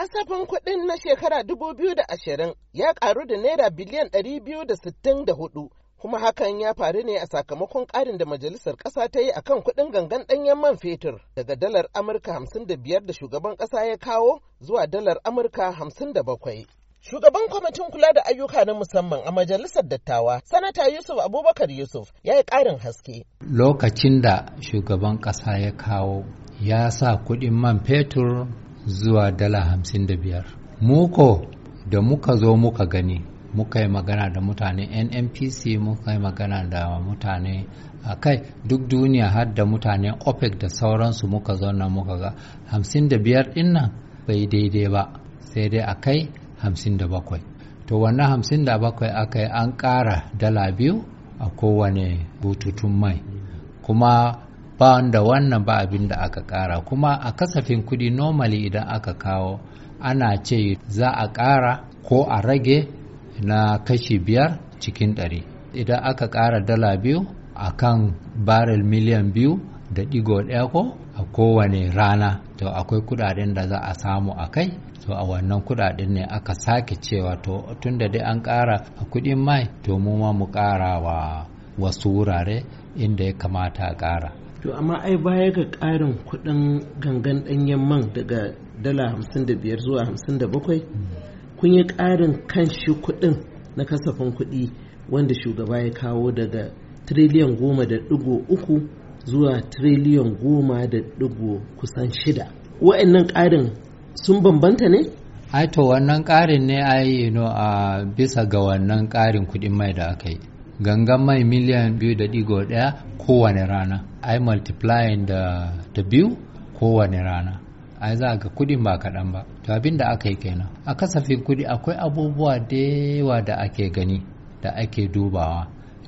kasafin kuɗin na shekara 2020 ya ƙaru da naira biliyan 264 kuma hakan ya faru ne a sakamakon ƙarin da majalisar ƙasa ta yi akan kuɗin gangan ɗanyen man fetur daga dalar amurka 55 da shugaban ƙasa ya kawo zuwa dalar amurka 57 Shugaban kwamitin kula da ayyuka na musamman a majalisar dattawa, Sanata Yusuf Abubakar Yusuf ya yi ƙarin haske. Lokacin da shugaban ƙasa ya kawo ya sa kuɗin man fetur zuwa dala hamsin da biyar muko da muka zo muka gani muka yi magana da mutane nnpc muka yi magana da mutane a kai duk duniya har da mutane opec da sauransu muka zauna muka ga hamsin da biyar dinnan bai daidai ba sai dai a kai hamsin da bakwai to wannan hamsin da bakwai aka yi an ƙara dala biyu a kowane bututun mai kuma ba da wannan ba abin da aka ƙara kuma a kasafin kuɗi normally idan aka kawo ana ce za a ƙara ko a rage na kashi biyar cikin ɗari idan aka ƙara dala biyu a kan barrel miliyan biyu da ɗigo ɗaya ko a kowane rana to akwai kuɗaɗen da za a samu a kai to a wannan kudaden ne aka sake cewa to tun da dai an kara a kudin mai to mu ma mu kara wa wasu wurare inda ya kamata a kara to amma ai baya ga ƙarin kuɗin gangan ɗanyen man daga dala 55 zuwa 57 kun yi ƙarin kan shi kuɗin na kasafin kuɗi wanda shugaba ya kawo daga triliyan goma da ɗigo uku zuwa triliyan goma da ɗigo kusan shida wa'annan ƙarin sun bambanta ne ai to wannan ƙarin ne ai you know, a bisa ga wannan ƙarin kuɗin mai da aka yi gangan mai miliyan biyu da digo daya kowane rana ai multiplying da da biyu kowane rana ai za ga kudin ba kaɗan ba to abin da aka yi kenan a kasafin kudi akwai abubuwa da yawa da ake gani da ake dubawa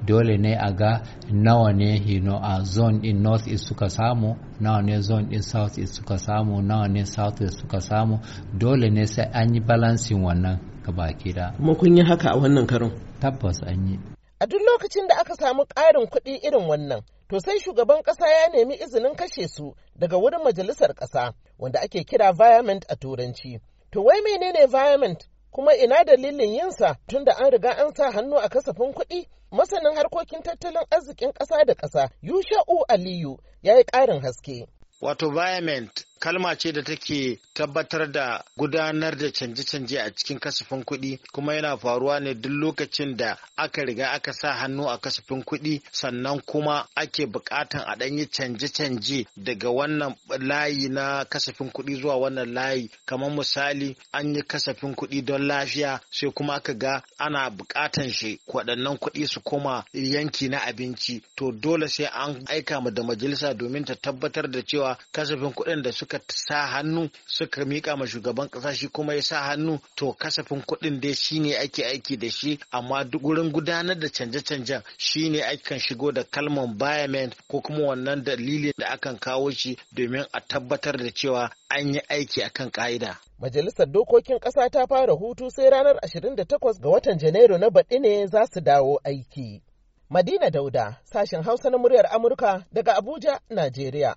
dole ne a ga nawa ne hino a zone in north east suka samu nawa ne zone in south east suka samu nawa ne south east suka samu dole ne sai an yi balancing wannan gabaki da kuma kun yi haka a wannan karon tabbas an yi A duk lokacin da aka samu ƙarin kuɗi irin wannan, to sai shugaban ƙasa ya nemi izinin kashe su daga wurin majalisar ƙasa, wanda ake kira viament a turanci. To wai menene viament kuma ina dalilin yinsa tun da an riga an sa hannu a kasafin kuɗi? Masanin harkokin tattalin arzikin ƙasa da ƙasa, Yusha'u Aliyu ya yi ƙarin haske. Wato viament kalma ce da take tabbatar da gudanar da canje-canje a cikin kasafin kuɗi kuma yana faruwa ne duk lokacin da aka riga aka sa hannu a kasafin kuɗi sannan kuma ake buƙatan a ɗanyi canje-canje daga wannan layi na kasafin kuɗi zuwa wannan layi kamar misali an yi kasafin kuɗi don lafiya sai kuma aka ga ana buƙatan shi waɗannan kuɗi su koma yanki na abinci to dole sai an aika mu da majalisa domin ta tabbatar da cewa kasafin kuɗin da suka suka sa hannu suka mika ma shugaban kasa shi kuma ya sa hannu to kasafin kuɗin dai shine ake aiki da shi amma duk wurin gudanar da canje-canjen shine akan shigo da kalman biomed ko kuma wannan dalilin da akan kawo shi domin a tabbatar da cewa an yi aiki akan ka'ida. Majalisar Dokokin Ƙasa ta fara hutu sai ranar 28 ga watan Janairu na baɗi ne za su dawo aiki. Madina Dauda, sashen Hausa na muryar Amurka daga Abuja, Najeriya.